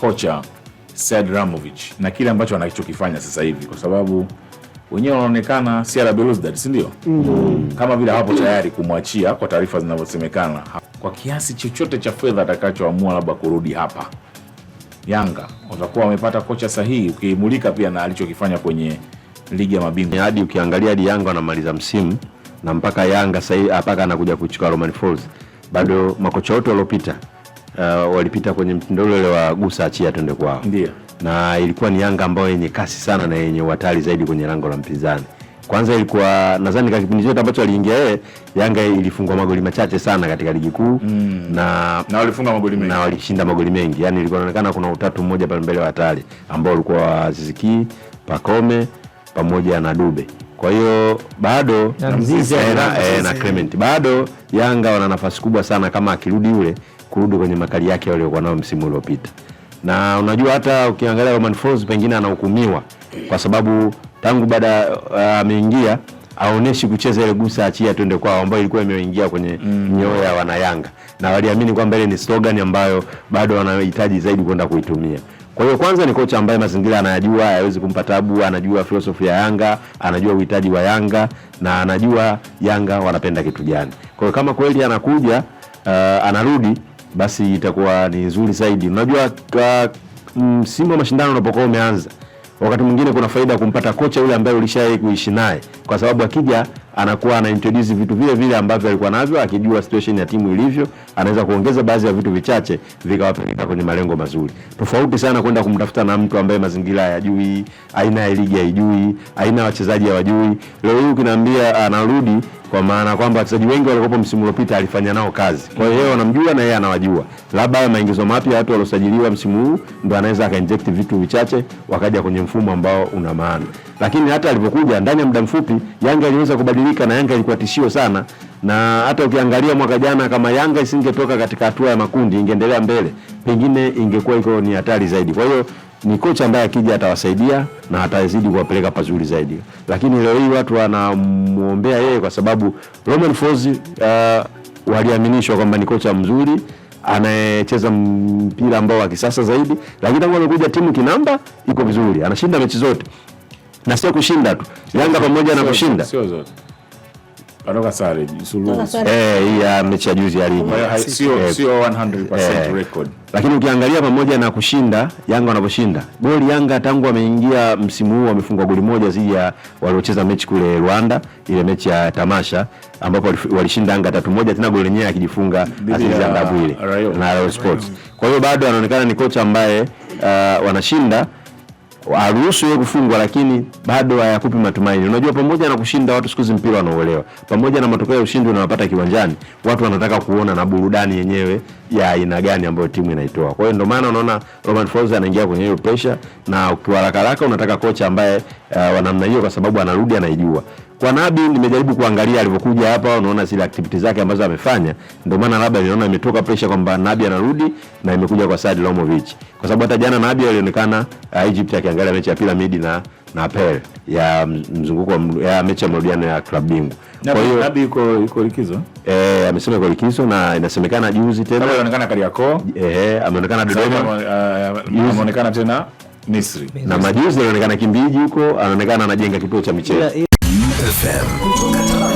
kocha Sead na kile ambacho anachokifanya sasa hivi, kwa sababu wenyewe wanaonekana CR Belouizdad, si ndio? mm kama vile hawapo tayari kumwachia, kwa taarifa zinavyosemekana, kwa kiasi chochote cha fedha atakachoamua labda kurudi hapa Yanga, watakuwa wamepata kocha sahihi, ukiimulika pia na alichokifanya kwenye ligi ya mabingwa. Hadi ukiangalia hadi Yanga wanamaliza msimu na mpaka Yanga sahii mpaka anakuja kuchukua Romain Folz, bado makocha wote waliopita uh, walipita kwenye mtindo ule wa gusa achia twende kwao, ndio na ilikuwa ni Yanga ambayo yenye kasi sana na yenye uhatari zaidi kwenye lango la mpinzani. Kwanza ilikuwa nadhani katika kipindi chote ambacho aliingia yeye, Yanga ilifungwa magoli machache sana katika ligi kuu mm. na na walifunga magoli mengi na walishinda magoli mengi, yani ilikuwa inaonekana kuna utatu mmoja pale mbele wa hatari ambao ulikuwa Ziziki, Pakome pamoja na Dube. Kwa hiyo bado na, eh, na, eh, na Clement bado Yanga wana nafasi kubwa sana kama akirudi yule kurudi kwenye makali yake waliokuwa nayo msimu uliopita. Na unajua hata ukiangalia Romain Folz pengine anahukumiwa kwa sababu tangu baada uh, ameingia uh, aoneshi kucheza ile gusa achia twende kwao ambayo ilikuwa imeingia kwenye mm. nyoyo ya wanayanga, na waliamini kwamba ile ni slogan ambayo bado wanahitaji zaidi kwenda kuitumia. Kwa hiyo kwanza ni kocha ambaye mazingira anayajua, hayawezi kumpa tabu, anajua filosofi ya Yanga, anajua uhitaji wa Yanga na anajua Yanga wanapenda kitu gani. Kwa hiyo kama kweli anakuja uh, anarudi basi itakuwa ni nzuri zaidi. Unajua msimu mm, wa mashindano unapokuwa umeanza, wakati mwingine kuna faida ya kumpata kocha yule ambaye ulishawahi kuishi naye, kwa sababu akija anakuwa ana introduce vitu vile vile ambavyo alikuwa navyo, akijua situation ya timu ilivyo, anaweza kuongeza baadhi ya vitu vichache vikawapeleka kwenye malengo mazuri, tofauti sana kwenda kumtafuta na mtu ambaye mazingira hayajui, aina ya ligi haijui, aina ya wachezaji hawajui. Leo hii ukinaambia anarudi kwa maana kwamba wachezaji wengi waliokuwa msimu uliopita alifanya nao kazi, kwa hiyo yeye anamjua na yeye anawajua. Labda haya maingizo mapya, watu waliosajiliwa msimu huu, ndio anaweza akainject vitu vichache wakaja kwenye mfumo ambao una maana. Lakini hata alipokuja ndani ya muda mfupi, Yanga aliweza kubadilika kubadilika, na Yanga ilikuwa tishio sana, na hata ukiangalia mwaka jana, kama Yanga isingetoka katika hatua ya makundi, ingeendelea mbele, pengine ingekuwa iko ni hatari zaidi. Kwa hiyo ni kocha ambaye akija atawasaidia na atazidi kuwapeleka pazuri zaidi, lakini leo hii watu wanamwombea yeye kwa sababu Romain Folz uh, waliaminishwa kwamba ni kocha mzuri anayecheza mpira ambao wa kisasa zaidi, lakini tangu amekuja timu kinamba iko vizuri, anashinda mechi zote na sio kushinda tu. Yanga pamoja na kushinda sio zote Anoka sare eh, hii ya mechi ya juzi ya ligi eh. sio sio 100% eh. record, lakini ukiangalia pamoja na kushinda Yanga wanaposhinda goli, Yanga tangu ameingia msimu huu wamefungwa goli moja zidi ya waliocheza mechi kule Rwanda, ile mechi ya tamasha ambapo walishinda Yanga tatu moja, tena goli lenyewe akijifunga Azizi Yanga ile na Rayo Sports. Kwa hiyo bado anaonekana ni kocha ambaye uh, wanashinda aruhusu yeye kufungwa, lakini bado hayakupi matumaini. Unajua, pamoja na kushinda watu siku hizi mpira wanauelewa pamoja na matokeo ya ushindi unawapata kiwanjani, watu wanataka kuona na burudani yenyewe ya aina gani ambayo timu inaitoa. Kwa hiyo ndio maana unaona Roman Folz anaingia kwenye hiyo pressure, na ukiwa haraka haraka unataka kocha ambaye uh, wa namna hiyo, kwa sababu anarudi anaijua kwa Nabi nimejaribu kuangalia alivyokuja hapa, unaona zile activity zake ambazo amefanya, ndio maana labda niona imetoka pressure kwamba Nabi anarudi na imekuja kwa Sadi Lomovic, kwa sababu hata jana Nabi alionekana uh, Egypt akiangalia mechi ya Piramidi na na Pel ya mzunguko ya mechi ya marudiano ya klabu bingwa. Kwa hiyo Nabi yuko yuko likizo eh, amesema yuko likizo na inasemekana juzi tena kama ameonekana Kariakoo eh, ameonekana Dodoma, eh, ameonekana tena Misri na majuzi anaonekana Kimbiji huko, anaonekana anajenga kituo cha michezo. FM.